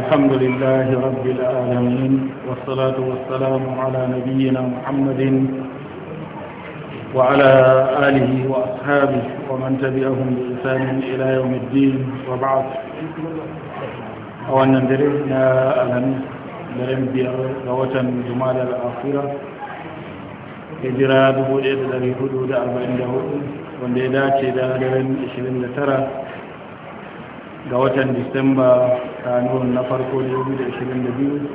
الحمد لله رب العالمين والصلاة والسلام على نبينا محمد وعلى آله وأصحابه ومن تبعهم بإنسان إلى يوم الدين وبعد أولا درنا ألم درم بيروة جمال الآخرة هجرة دبوجة دري حدود أربعين دهود وندي داتي دارين 29 لترى watan ديسمبر kanun na farko 2022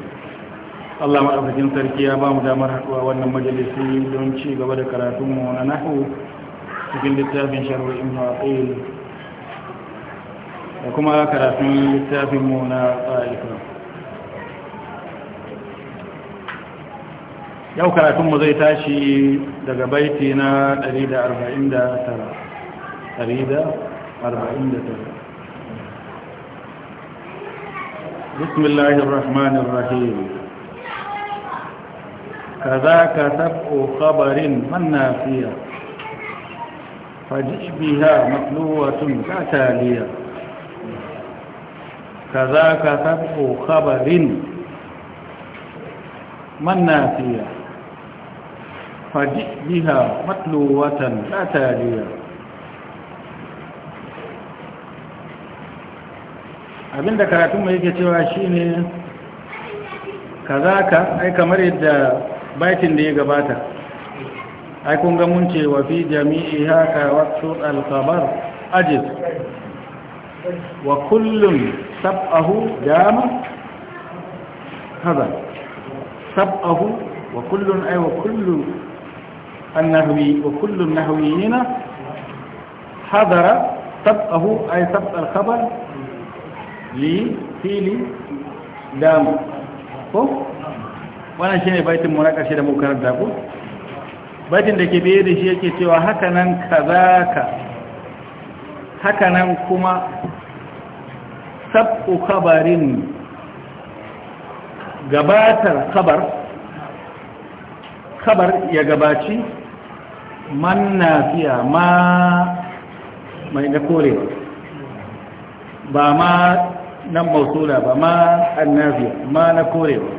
Allah maɗaukakin sarki ya ba mu damar haɗuwa wannan majalisi don ci gaba da karatunmu na nahu cikin littafin sharwar ibn da kuma karatun littafinmu na tsarika yau karatunmu zai tashi daga baiti na 149 بسم الله الرحمن الرحيم كذاك سبع خبر منافية فجئ بها مطلوة كتالية كذاك سبع خبر منافية فجئ بها مطلوة كتالية abinda karatun mai yake cewa shine kazaka ai kamar yadda baitin da ya gabata ai kun ga mun ce wa fi jami'i haka waqtu al-khabar ajiz wa kullun sab'ahu dama hada sab'ahu wa kullun ay wa kullum an-nahwi wa kullu an-nahwiyina hadara sab'ahu ay sab' al-khabar li fili damu ko wannan shine baitin mu na karshe da mu karanta ko baitin da ke biye da shi yake cewa haka nan kazaka haka nan kuma sabu kabarin gabatar khabar khabar ya gabaci man nafiya ma mai da kore, ba ma nan mausula ba ma annabi ma na korewa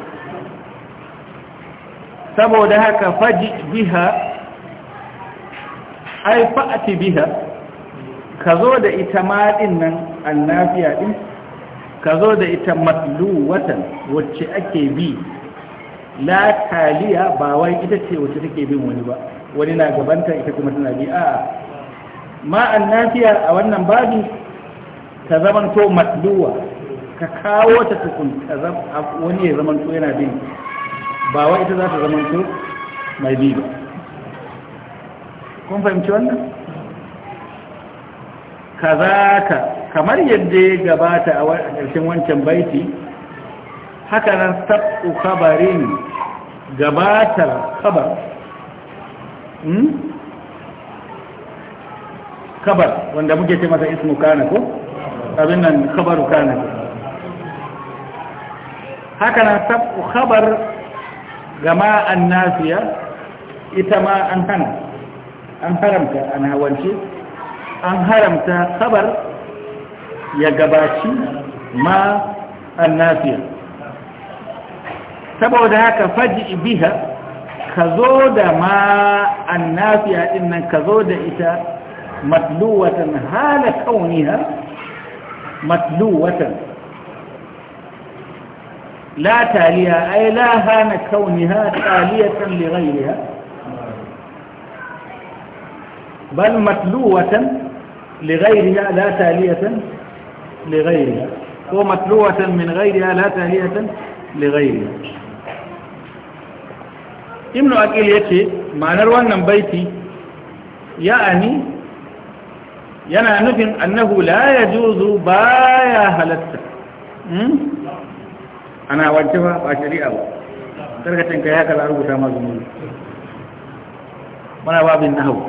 saboda haka faji biha ai fa'ati biha ka zo da ita maɗin nan annafiya ɗin ka zo da ita matlu watan wacce ake bi la taliya ba wai ita ce wacce take bin wani ba wani na gabanta ita kuma tana bi a ma annafiya a wannan babi ta zamanto matluwa ka kawo ta tukun wani ya zamanto yana bin ba wa ita za ta zamanto mai bi ba kun fahimci wannan ka za ka kamar yadda ya gabata a ƙarshen wancan baiti haka nan sabu kabarin gabatar kabar hmm? kabar wanda muke ce masa ismu kana ko abin nan kabaru kana haka nan sabu khabar gama an nafiya ita ma an hana an haramta an hawance an haramta khabar ya gabaci ma an nafiya saboda haka faji biha ka zo da ma an nafiya nan ka zo da ita matluwatan hala kauniha matluwatan لا تاليها أي لا هان كونها تالية لغيرها بل متلوة لغيرها لا تالية لغيرها هو متلوة من غيرها لا تالية لغيرها ابن أكيل يتي معنى روانا بيتي يعني يعني أنه لا يجوز بايا هلتك baya ana wance ba ba shari'a ba karkacin ka ya kaza rubuta masu zunubi mana babin nahawu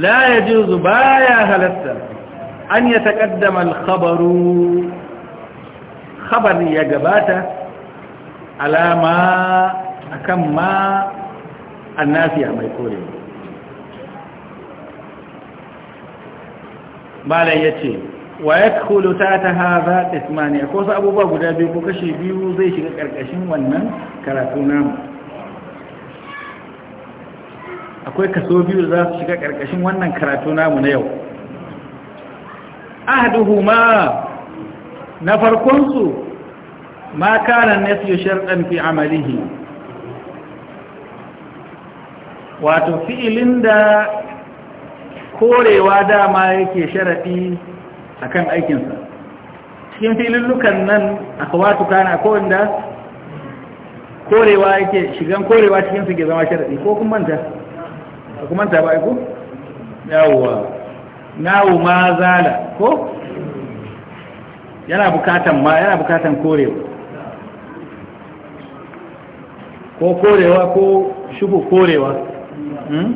la ba ya halatta an yataqaddama taƙaddamar khabaru khabari ya gabata alama akan ma annafiya mai kore malai yace wa yadkhulu ta hadha qismani ko wasu abubuwa guda biyu ko kashi biyu zai shiga karkashin wannan karatu namu akwai kaso biyu za su shiga karkashin wannan karatu namu na yau ma na farkon su ma kana nasu sharɗan fi amalihi wato fi'ilin da korewa dama yake sharadi akan aikinsa cikin filillukan nan akwatu kana ko inda korewa yake shigan korewa cikin su ke zama sharadi ko kuma manta ko kuma manta ba aiko yawwa nawo ma zala ko yana bukatan ma yana bukatan korewa ko korewa ko shubu korewa hmm?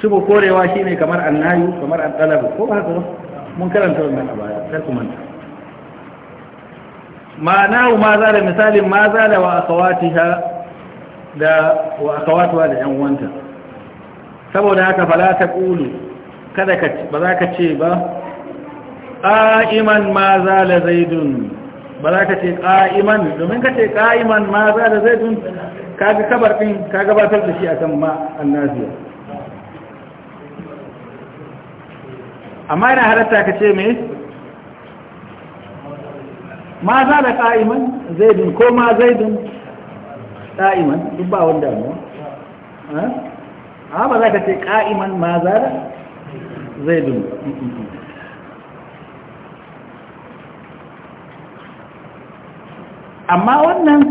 shubu korewa shine kamar annayu kamar al-talab ko ba haka ba mun karanta wannan a baya kar ku manta ma'ana ma zala da misalin ma zala da wa akawatiha da wa akawatuwa da yan uwanta saboda haka fala ta qulu kada ka ba za ka ce ba qa'iman ma zala zaidun ba za ka ce qa'iman domin ka ce qa'iman ma zala zaidun kaga kabar din ka gabatar da shi akan ma annaziya amma yana halatta ka ce me ma za da ƙa'iman zaidin ko ma zaidin ƙa'iman duk ba wanda mu amma ba za ka ce ƙa'iman ma za da zaidin amma wannan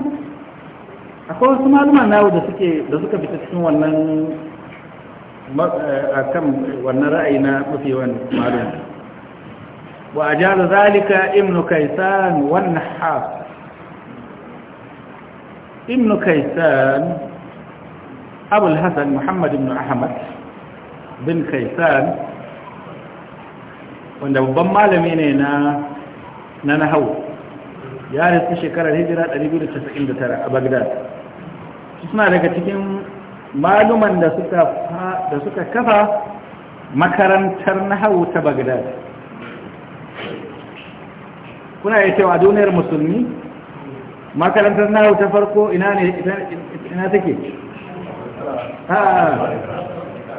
akwai wasu maluman nawo da suka fita cikin wannan a eh, kan wannan ra'ayi na mafi wani malum wa a jara zalika imnu kaisan wannan haf imnu kaisan abul hassan muhammad ibn ahmad bin kaisan wanda babban malami ne na na nahau ya rasu shekarar hijira 299 a bagdad suna daga cikin maluman da suka da suka kafa makarantar nahawu ta bagdad kuna ya cewa duniyar musulmi makarantar nahawu ta farko ina ne ina take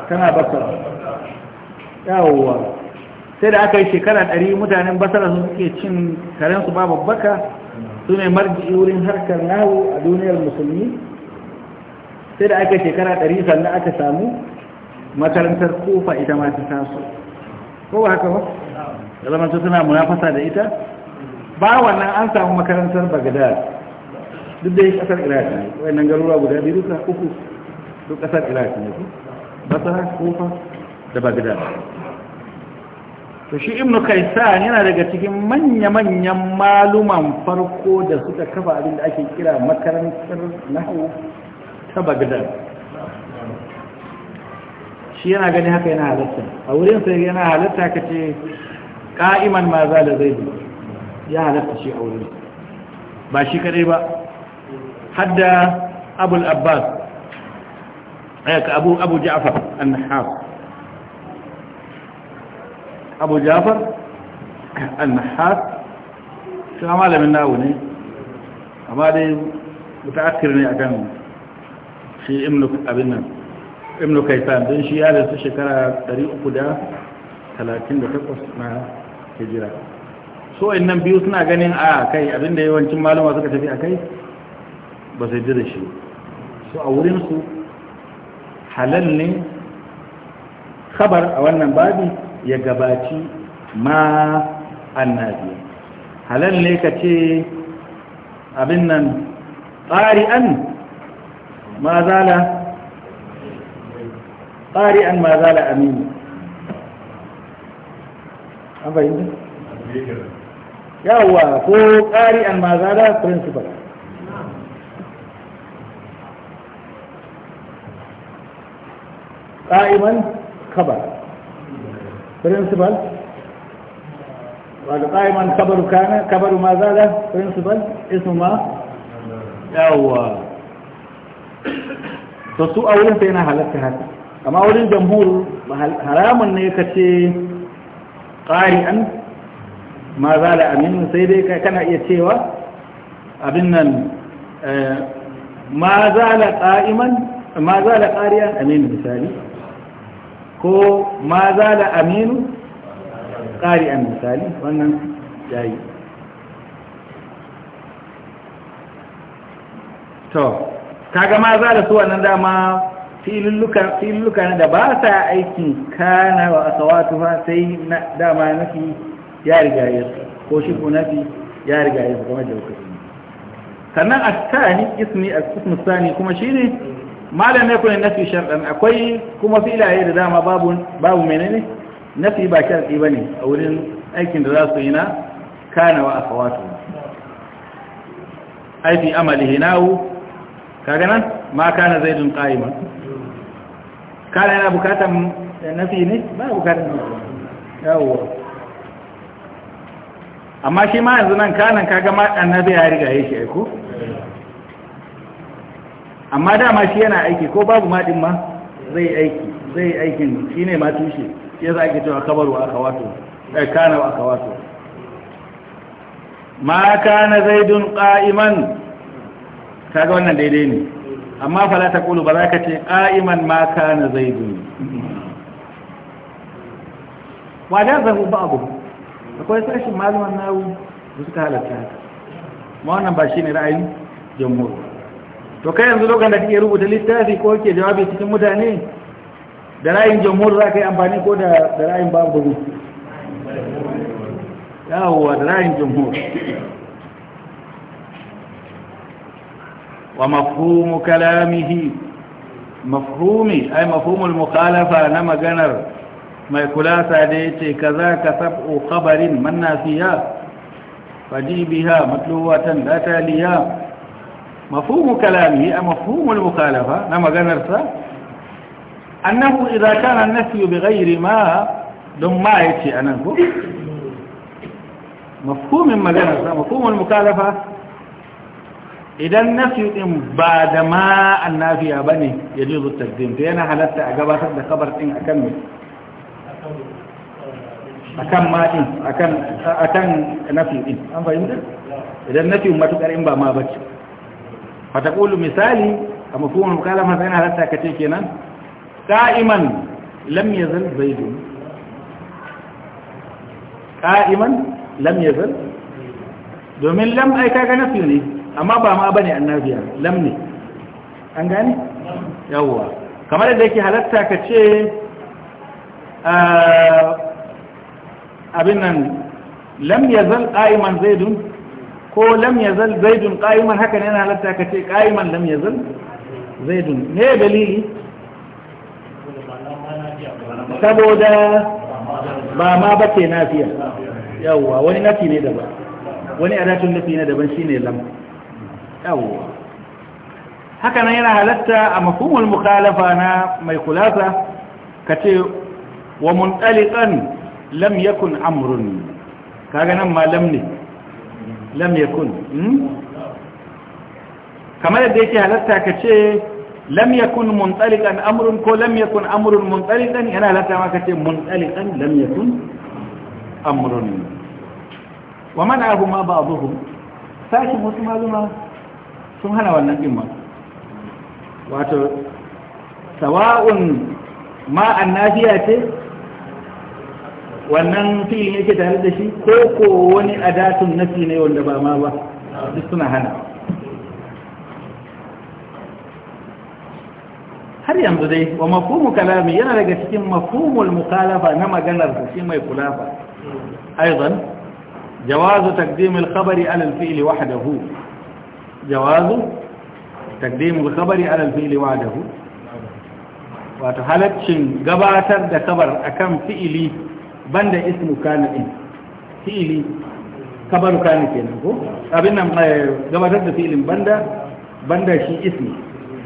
tana basara yawwa sai da aka yi shekara ɗari mutanen basara sun suke cin karensu babu baka su ne marji wurin harkar nahawu a duniyar musulmi sai da aka shekara ɗari sannan aka samu makarantar kofa ita ma ta taso ko ba haka ba ya zama ta suna munafasa da ita ba wannan an samu makarantar bagdad duk da yi kasar iraki ne wannan garuruwa guda biyu duka uku duk kasar iraki ne basara kofa da bagdad to shi ibnu sa yana daga cikin manya-manyan maluman farko da suka kafa abin da ake kira makarantar nahu ta bagdad shi yana gani haka yana halatta a wurin sa yana halatta ka ce ka'iman ma za da zai ya halatta shi a wurin ba shi kadai ba hadda abul abbas ayyaka eh, abu abu jaafar an-nahas abu ja'far an-nahas shi malamin nawo ne amma dai mutaakkir ne akan shi ibn abin nan ibn kaitan don shi ya rasu shekara 338 na hijira so in nan biyu suna ganin a kai abinda yawancin malama suka tafi a kai ba sai da shi so a wurinsu halal ne khabar a wannan babi ya gabaci ma annabi halal ne ka ce abin nan tsari an ma zala قارئا ما زال امين يا هو قارئا ما زال برنسبل قائما خبر برنسبل قائما خبر كان خبر ما زال برنسبل اسم ما يا هو تسوء أولا فينا حالتها هذا amma wurin jamhur haramun ne ka ce ƙari'an ma za da aminu sai dai kana iya cewa abin nan eh, ma za da ƙari an ƙari'an aminu misali ko ma za da aminu ƙari'an misali wannan yayi to kaga ma za da su wannan dama filulluka filulluka da ba sa aikin kana wa asawatu ha sai na dama nafi ya riga ya ko shi ko fi ya riga ya kuma da wuka sannan tsani ismi asmu tsani kuma shine malam ne kuma nafi shar'an akwai kuma filaye da dama babu babu menene nafi ba shar'i ne a wurin aikin da za su yi na kana wa asawatu ai fi amalihi kaga nan ma kana zaidun qa'iman kala yana bukatan nafi ne ba bukatan nafi yawo amma shi ma yanzu nan kanan kaga ma annabi ya riga ya shi aiko amma dama shi yana aiki ko babu maɗin ma zai aiki zai aikin shi ne ma tushe ya za a ke cewa kabaru aka wato eh, kana aka wato ma kana zaidun ƙa'iman kaga wannan daidai ne amma fala ta kulu ba za ka ce ƙa'iman ma kana zaidun wa da zahu ba abu akwai sashin malaman nawu da suka halatta ma wannan ba shi ne ra'ayin jamhur to kai yanzu lokacin da kake rubuta littafi ko ke jawabi cikin mutane da ra'ayin jamhur za ka yi amfani ko da ra'ayin babu yawwa da ra'ayin jamhur ومفهوم كلامه مفهومي أي مفهوم المخالفة نما جنر ما يكلاسا ديتي كذاك سبع خبر من فيها فجي بها متلوة لا تاليها مفهوم كلامه أي مفهوم المخالفة نما جنر أنه إذا كان النفي بغير ما دم ما يتي أنه مفهوم مجنر مفهوم المخالفة idan nafi din ba da ma annafiya bane ya ji zu taqdim to yana halatta a gabatar da kabar din akan me akan ma din akan akan nafi din an fahimta idan nafi matukar in ba ma bace fa kulu misali a mafhumul mukalama sai na halatta kace kenan qa'iman lam yazal zaidun qa'iman lam yazal domin lam ai kaga nafi ne amma ba ma bane annabiya lam ne an gane yawwa kamar da yake halatta ka ce ah, abin nan lam yazal qa'iman zaidun ko lam yazal zaidun qa'iman haka ne yana halatta ka ce qa'iman lam yazal zaidun ne dalili saboda ba ma ba ke nafiya yawwa wani nafi ne daban wani adatun nafi ne daban shine lam yawwa haka nan yana halatta a mafhumul mukhalafa na mai kulasa kace wa muntaliqan lam yakun amrun kaga nan ma lam ne lam yakun hmm? kamar yadda yake halatta kace lam yakun muntaliqan amrun ko lam yakun amrun muntaliqan yana halatta ma kace muntaliqan lam yakun amrun wa abu ma ba'dhum sashi mutum maluma sun hana wannan ɗin ma wato sawa'un ma ce wannan fi'in yake tare da shi ko ko wani adatun nafi ne wanda ba ma ba duk suna hana har yanzu dai wa mafhumu kalami yana daga cikin mafhumul mukhalafa na maganar shi mai kulafa aidan jawazu taqdim khabari ala al-fi'li wahdahu jawazu taqdimul khabari ala al halaccin gabatar da kabar akan fi'ili banda ismu kana din fi'ili kabaru kana kenan ko abin gabatar da fi'ilin banda banda shi ismi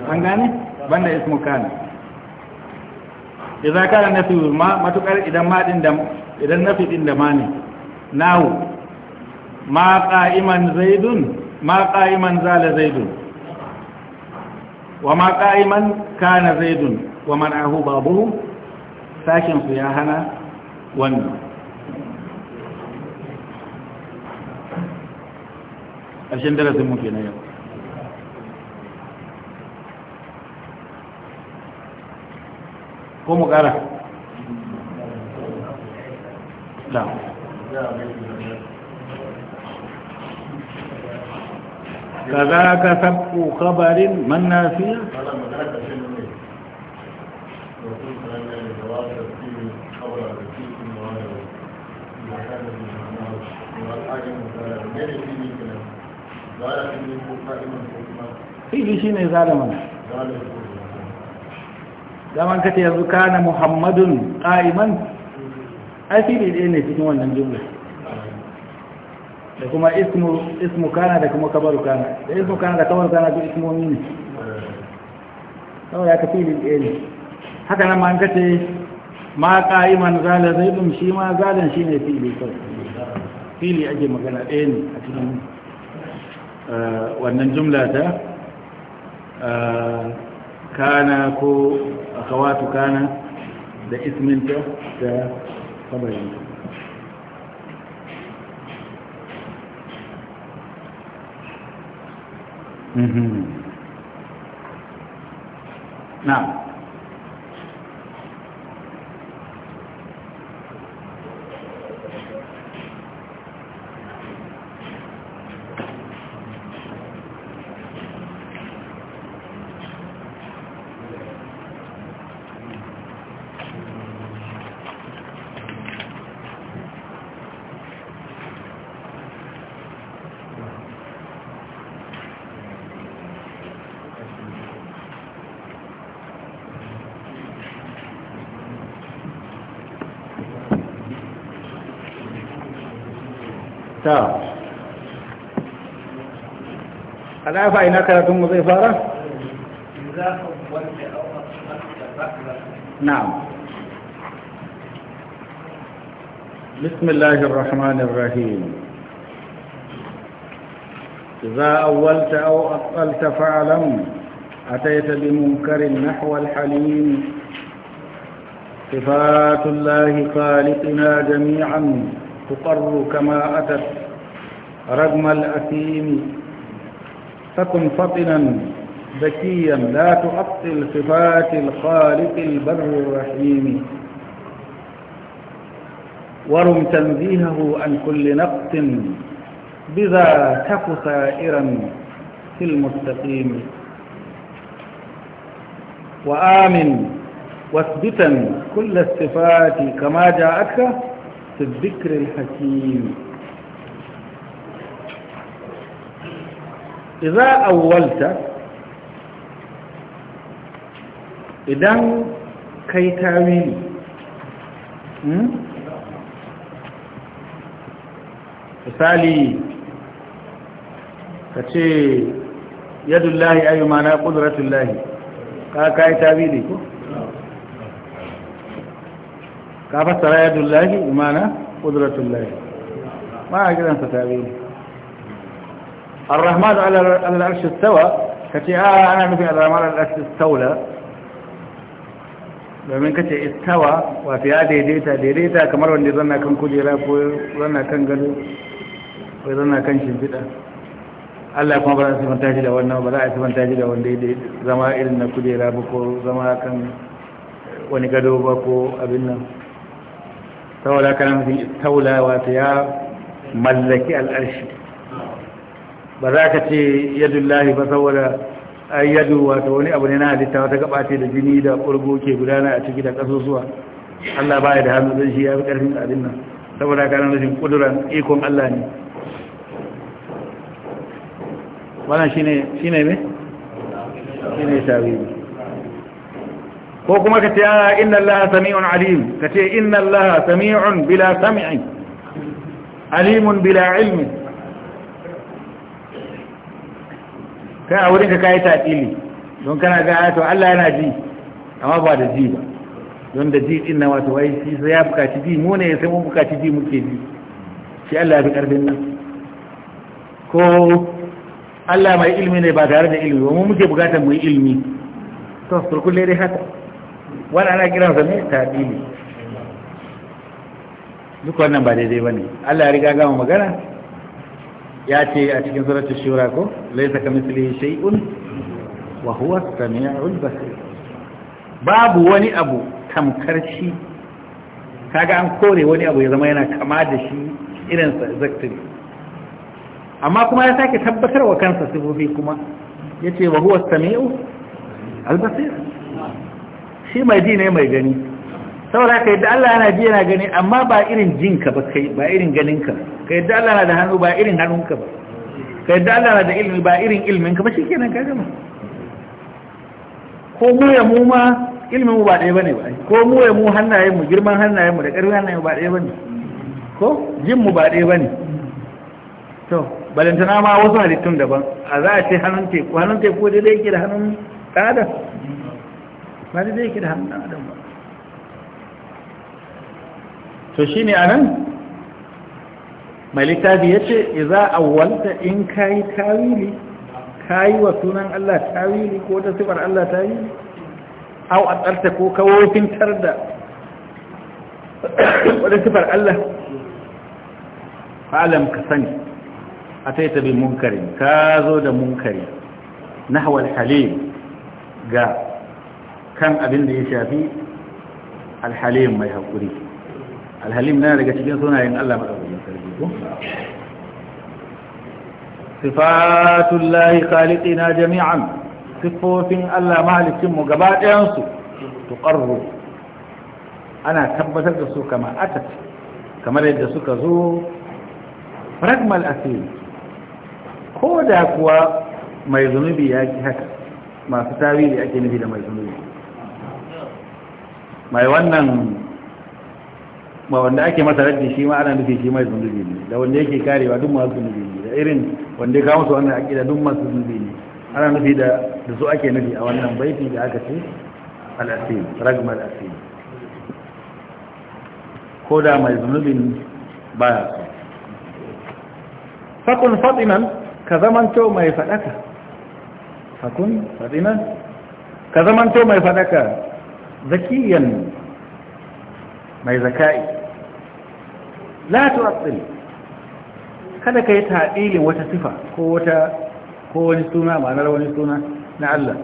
an gane banda ismu kana idan kana nafi ma matukar idan ma din da da ma ne nahu ma qa'iman zaidun ma qa'iman zala zaidun wa ma qa'iman kana zaidun wa man ahu babuhu su ya hana wannan ashin darasin mu kenan yau ko mu kara da كذاك سبق خبر من نافيه فيه لما كتب يزكان محمد قائما أسيب إليني في نوع من الجملة da kuma ismu ismu kana da kuma kabaru kana da ismu kana da kabaru kana duk ismomi ne ya ka fili ɗaya ne haka nan ma an kace ma qa'iman zala zaidun shi ma zalan shi ne fili kai. fili ake magana ɗaya ne a cikin eh, wannan jumla ta eh, kana ko akawatu kana da isminta da kabarinta na'am mm-hmm. ta alafa ina karatun mu zai fara na'am الله الرحمن الرحيم إذا أولت أو أطلت فاعلم أتيت بمنكر نحو الحليم صفات الله خالقنا جميعا تقر كما أتت رغم الأثيم فكن فطنا ذكيا لا تعطل صفات الخالق البر الرحيم ورم تنزيهه عن كل نقص بذا تك سائرا في المستقيم وآمن واثبتا كل الصفات كما جاءتك الذكر الحكيم إذا أولت إذا كي تاويل misali ka ce yadullahi ayyuma na ƙuduratun lahi ka kayi tawili ko? ka fassara yadullahi imana lahi ma a gidansa tabi al-arshi tawa ka ce a ah, ana nufin al-rahman al-arshi taula domin ce istawa wato ya daidaita daidaita kamar wanda zanna kan kujera ko zanna kan gado ko zanna kan shimfiɗa Allah kuma ba za a sifanta shi da wannan ba za a sifanta shi da wanda ya zama irin na kujera ba ko zama kan wani gado ba ko abin nan saboda kana mutum taula wato ya mallaki al'arshi ba za ka ce yadullahi ba saboda ayyadu yadu wato wani abu ne na halitta wata gaba ce da jini da ƙurgo ke gudana a ciki da ƙasusuwa Allah ba ya da hannu don shi ya fi ƙarfin abin nan saboda kana rashin ƙuduran ikon Allah ne wannan shine shine me ne tawili ko kuma ka ce ah, inna allaha sami'un alim ka ce inna allaha sami'un bila sam'i alimun bila ilmi kai a wurin ka kai ta taƙili don kana ga ah, to Allah yana ji amma ba da ji ba don da ji din na wato wai shi sai ya bukaci ji mu ne sai mun bukaci ji muke ji shi Allah ya fi karfin nan ko Allah mai ilmi ne ba tare da ilmi ba mu muke bukatar mu yi ilmi to turkulle dai haka wani ana sa ne tabili duk wannan ba daidai ba ne allah ya riga gama magana ya ce a cikin suratul shura ko laisa ka mislihi shay'un wa huwa as-sami'ul basir babu wani abu tamkar shi kaga an kore wani abu ya zama yana kama da shi irin sa exactly amma kuma ya sake tabbatar wa kansa sifofi kuma yace wa huwa as-sami'u al-basir shi mai ji ne mai gani saboda ka yadda Allah yana ji yana gani amma ba irin jinka ba kai ba irin ganinka ka yadda Allah na da hannu ba irin hannunka ba ka yadda Allah na da ilimi ba irin ilminka ba shikenan ka gama ko mu ya mu ma ilmin mu ba ɗaya bane ba ko mu ya mu hannayen mu girman hannayen mu da ƙarfin hannayen mu ba ɗaya bane ko jin mu ba ɗaya bane to balantana ma wasu halittun daban a za a ce hannun teku hannun teku daidai yake da hannun ɗan adam wani zai ke da hannun adam ba to shi ne a nan mai ya ce iza awwalta in ka yi tawili ka yi wa sunan Allah tawili ko ta sifar Allah tawili au a tsarta ko kawofintar da wadda sifar Allah fa'alam ka sani a ta yi tabi munkari ka zo da munkari na hawar halim ga kan abin da ya shafi alhalim mai haƙuri alhalim na daga cikin sunayen Allah maɗaukakin sarki ko sifatun lahi khaliƙi na jami'an sifofin Allah mahalicinmu gaba ɗayansu tuƙarru ana tabbatar da su kama atat kamar yadda suka zo fragmal asiri ko da kuwa mai zunubi ya ki haka masu tawili ake nufi da mai zunubi mai wannan ba wanda ake masa raddi shi ma ana nufi shi mai zunubi ne da wanda yake karewa duk masu zunubi ne da irin wanda ya kawo su wannan aƙida duk masu zunubi ne ana nufi da da su ake nufi a wannan baiti da aka ce al'asir ragmar asir ko da mai zunubin baya so fakun fatinan ka zamanto mai fadaka fakun fatinan ka zamanto mai faɗaka ذكيا ما ذكائي لا تؤثر كذلك يتعقيل إيه وتصفة قوة قوة نسونا معنى لو نسونا نعلا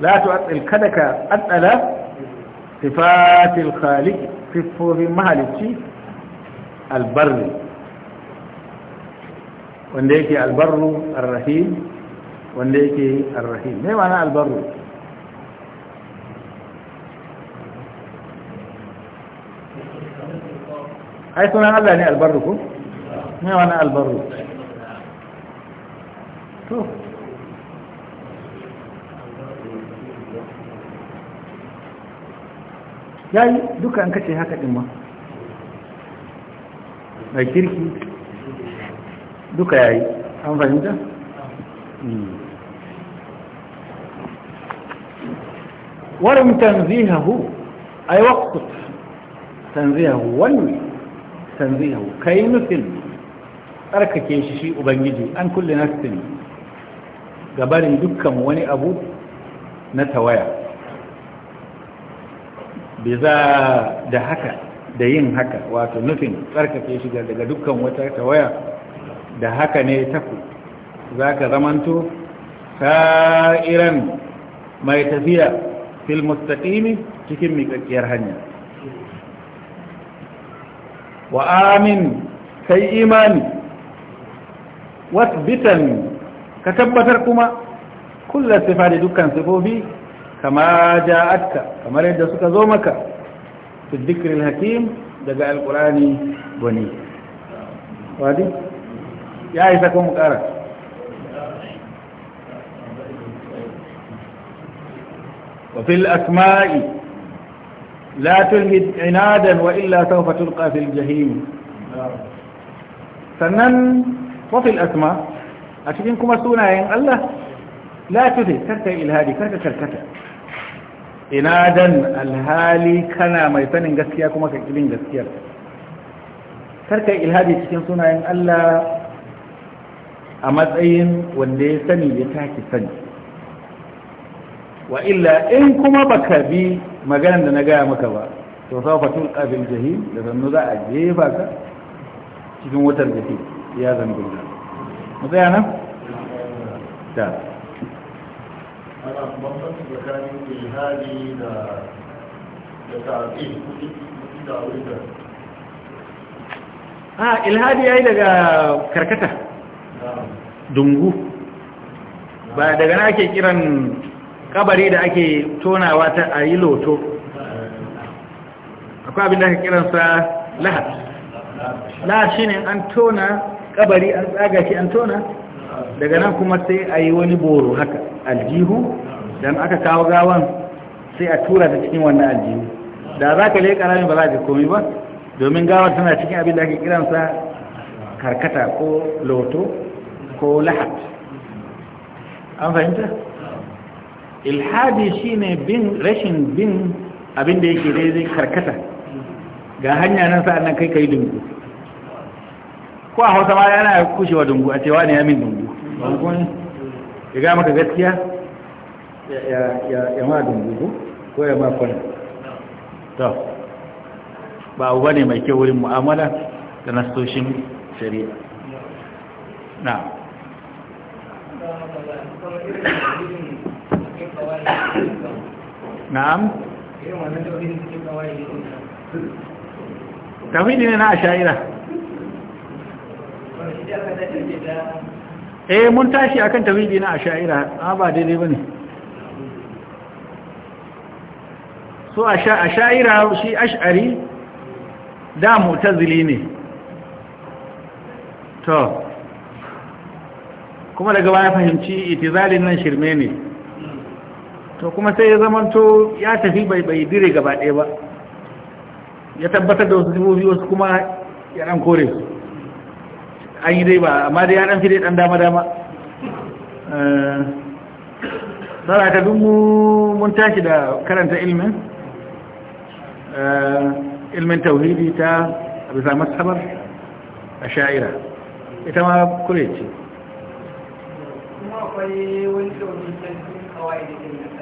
لا تؤثر كذلك أثأل صفات الخالق في محل الشيء البر وانديك البر الرحيم وانديك الرحيم ما معنى البر؟ ai sunan Allah ne albarru ko ne wani albarru to yayi duka an kace haka din ma Mai kirki duka yayi an fahimta ولم تنزيهه أي وقت تنزيهه والوي tanzihu kai nufin tsarkake shi shi ubangiji an kulle nafsin gabarin dukkan wani abu na tawaya Biza da haka da yin haka wato nufin tsarkake shi daga dukkan wata tawaya da haka ne taku za ka zamanto sa'iran mai tafiya fil cikin miƙaƙƙiyar hanya wa amin kai imani wasbitan ka tabbatar kuma kullum sifari dukkan sifofi kama ja'atka kamar yadda suka zo maka fi hakim daga alqurani bani wadi ya fil asma'i لا تلهد عنادا وإلا سوف تلقى في الجحيم sannan wafil asma a cikin kuma sunayen Allah la tuti karka ilhadi karka karkata inadan alhali kana mai sanin gaskiya kuma ka kibin gaskiyar karka ilhadi cikin sunayen Allah a matsayin wanda ya sani ya taki sani wa illa in kuma baka bi maganar da na gaya maka ba to sa fatul qabil jahim da sannu za a jefa ka cikin wutar jahim ya zambin da mu tsaya nan da a ah, ilhadi ya yi daga karkata dungu ba daga na ake kiran kabari da ake tonawa ta a yi loto akwai abin da aka kiransa lahat lahat shi ne an tona kabari an tsaga shi an tona daga nan kuma sai a yi wani boro haka aljihu don aka kawo gawan sai a tura ta cikin wannan aljihu da za ka leƙa ramin ba za ka komi ba domin gawar tana cikin abin da ake kiransa karkata ko loto ko lahat an fahimta? ilhadi ne bin rashin bin abin da yake daidai karkata ga hanya nan sa'an nan kai kai dungu ko a hausa ma yana kushewa dungu a cewa ne ya min dungu ya gama ka gaskiya ya ma dungu ko ya ma kwana to ba uba ne mai kyau wurin mu'amala da nastoshin shari'a na na'am tawhidi ne na asha'ira eh mun tashi akan tawhidi na asha'ira amma ba daidai bane so asha'ira shi ash'ari da mu'tazili ne to kuma daga baya fahimci itizalin nan shirme ne to kuma sai ya zamanto ya tafi bai bai dire gaba ɗaya ba ya tabbatar da wasu sifofi wasu kuma ya ɗan kore su an yi dai ba amma dai ya ɗan fi dai ɗan dama dama tsara ta dun mun tashi da karanta ilmin eh, ilmin tauhidi ta bisa masabar a sha'ira ita ma kure ce kuma akwai wani tauhidi kawai da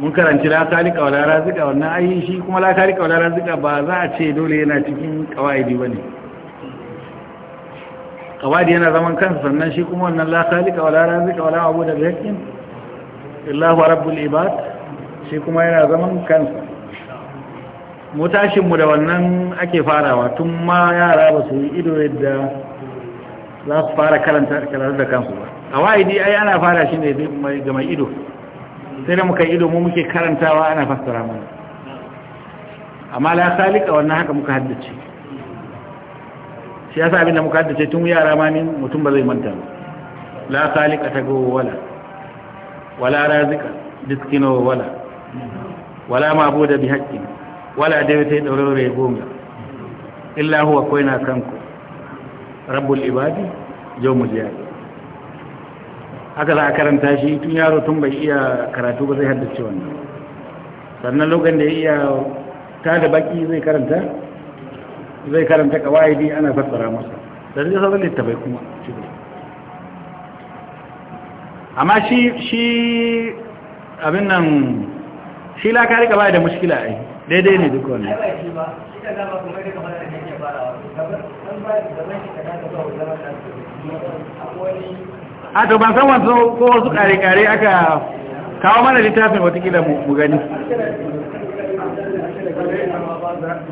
mun karanci la talika wala razika wannan ai shi kuma la talika wala razika ba za a ce dole yana cikin qawaidi bane qawaidi yana zaman kansa sannan shi kuma wannan la talika wala razika wala da bi hakkin illahu rabbul ibad shi kuma yana zaman kansa mu tashin mu da wannan ake farawa tun ma yara ba su yi ido yadda za su fara karanta da kansu ba qawaidi ai ana fara shi ne ga mai ido sai da muka ido mu muke karantawa ana fassara mana amma la salika wannan haka muka haddace shi yasa abinda muka haddace tun yara ma ne mutum ba zai manta ba la salika ta gowa wala wala razika diskino wala wala ma mabuda bi haqqin wala dai sai daurare goma illa huwa koina kanku rabbul ibadi yawmul qiyamah haka za a karanta shi tun yaro tun bai iya karatu ba zai haddace wannan sannan lokacin da ya iya ta da baki zai karanta zai karanta wa'idi ana fassara masa da zai sauran littafai kuma amma shi shi abin nan shi la kare gaba da mushkila ai daidai ne duk wannan a to ban san wasu ko wasu kare-kare aka kawo mana littafin watakila mu gani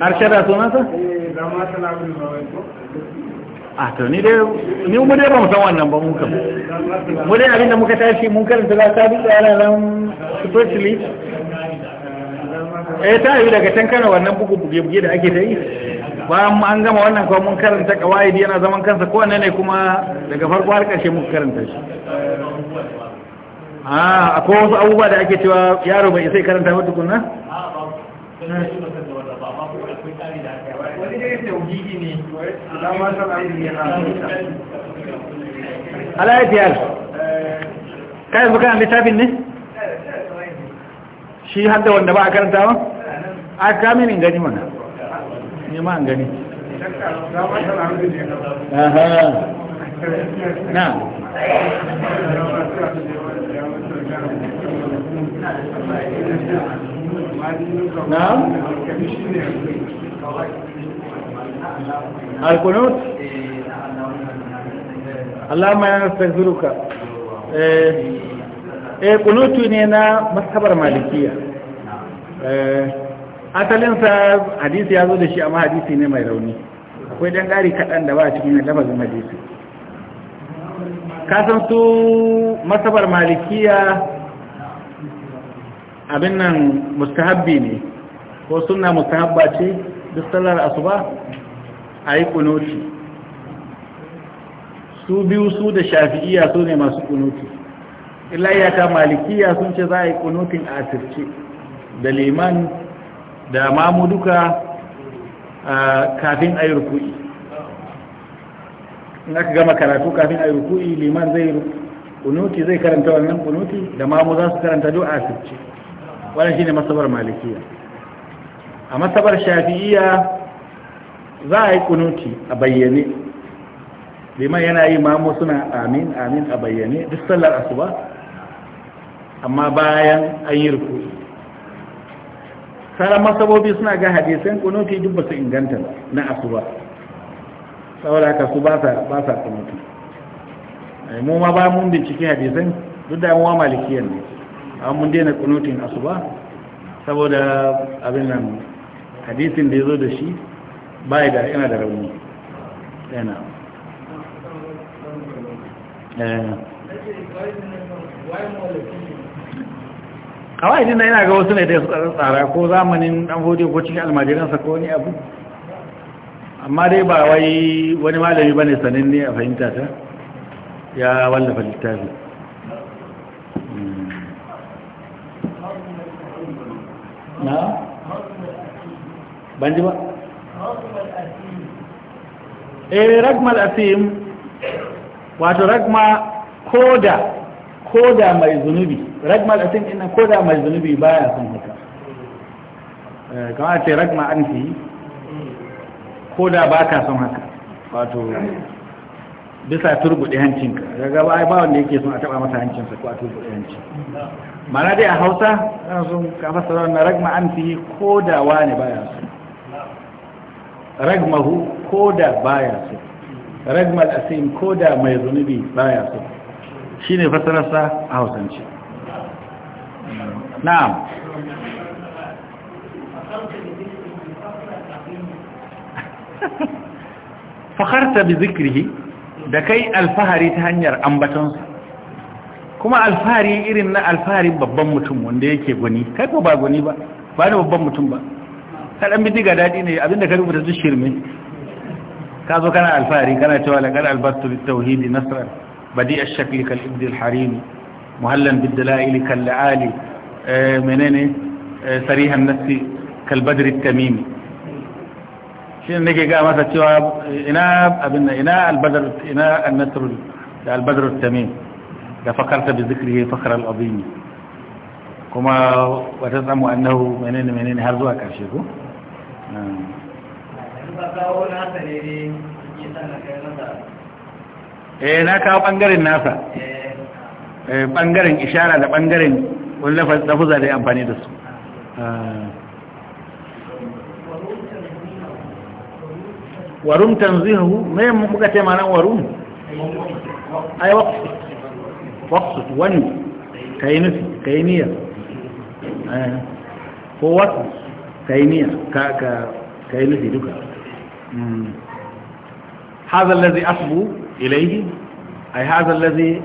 arshada sunansa? a to ni dai ni mu dai ba mu san wannan ba mu kam mu dai abinda muka tashi mun karanta ta sabi tsara ran spiritually eh ta yi daga can kana wannan bugu buge buge da ake ta yi bayan an gama wannan kuma mun karanta kawaidi yana zaman kansa ko ne kuma daga farko har karshe mun karanta shi a ah, akwai wasu abubuwa da ake cewa yaro bai sai karanta ba tukunna kayan littafin ne shi hadda wanda ba a karanta ba a gani mana nema an gani na na alkunut allama ya nastaghfiruka eh kunutu eh, ne na masabar malikiya eh asalin sa hadisi ya zo da shi amma hadisi ne mai rauni akwai dan gari kaɗan da ba a cikin lafazin hadisi kasan su masabar malikiya abin nan mustahabbi ne ko suna mustahabba ce duk sallar asuba a yi kunuti su biyu su da shafi'iya su ne masu kunuti ilayya malikiya sun ce za a yi kunutin a asirce da liman da mamu duka kafin a yi ruku'i in aka gama karatu kafin a yi ruku'i liman zai kunuti zai karanta wannan kunuti da mamu za su karanta du'a ce wannan shine masabar malikiya a masabar shafi'iya za a yi kunuti a bayyane liman yana yi mamu suna amin amin a bayyane duk sallar asuba amma bayan an yi ruku'i sauran masabobi suna ga hadisan kunuti duk ba su inganta na asuba saboda haka su ba sa kunuti eh, mu ma ba mun bincike hadisan duk da yawa malikiyar ne a mun daina kunutin asuba saboda abin nan hadisin da ya zo da shi ba da yana da rauni yana eh kawai din yana ga wasu ne da su tsara ko zamanin dan hode ko cikin almajiransa ko wani abu amma dai ba wai wani malami bane ne a fahimta ta ya wallafa littafi hmm. na ban ji ba eh ragmal asim wato ragma koda ko da mai zunubi ragmal atin din ko da mai zunubi baya son haka eh, kamar ce ragma an fi ko da baka son haka wato bisa turbuɗe hancinka daga ba ba wanda yake son a taɓa masa hancinsa ko a turbuɗe hancin. mana dai a hausa yana son kafa sauran na ragma an fi ko da wani baya son, ragmahu ko da baya son, ragmal asim ko da mai zunubi baya son. shi ne fasararsa a hausance na'am fakarta bi zikirhi da kai alfahari ta hanyar ambatonsa kuma alfahari irin na alfahari babban mutum wanda yake gwani kai ba gwani ba ba da babban mutum ba kaɗan bi diga daɗi ne abinda ka rubuta su shirme ka zo kana alfahari kana cewa lagar albattu tauhidi nasarar بديع الشكل كالإبد الحريم مهلم بالدلائل كالعالي آه، منين آه، سريها النفس كالبدر التميم شنو نجي قا ما فتوا إناء أبن إناء البدر إناء النسر البدر التميم ده بذكره فخر العظيم كما وتزعم أنه منين منين هرزوها كاشيكو نعم eh na kawo bangaren nasa eh bangaren ishara da bangaren wani lafuza da ya amfani da su ah. warum tanzihu me muka ce ma'anar warum ai waqti waqti wani kai nufi kai niyya eh. ko waqti kainiya niyya ka ka kai nufi duka هذا الذي أصبو إليه أي هذا الذي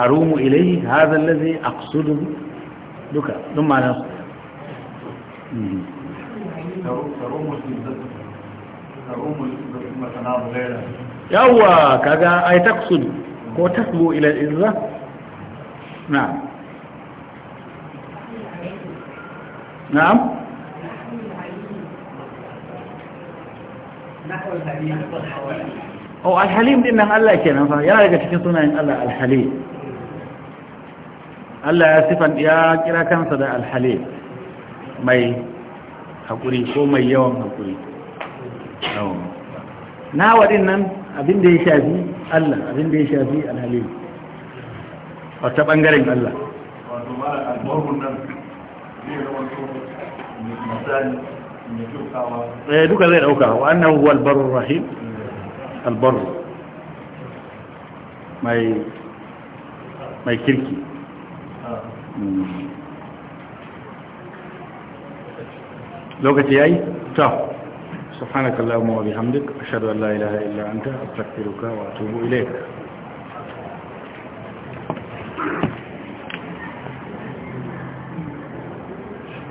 أروم إليه هذا الذي أقصده بك ثم أنا أقصد يوى كذا أي تقصد وتسبو إلى الإذة نعم نعم نحو الحديث oh alhalim din nan Allah nan fa yana daga cikin sunayen Allah alhalim Allah ya sifan ya kira kansa da alhalim mai haƙuri ko mai yawan haƙuri. na wadin nan abin ya shafi Allah abinda ya shafi alhalim wata ɓangaren Allah wato mara albarkun nan zai zama misali mai dukawa eh, duka zai dauka wa annahu huwal barur rahim البر ماي ماي كيركي آه. لوكتي اي تو سبحانك اللهم وبحمدك اشهد ان لا اله الا انت استغفرك واتوب اليك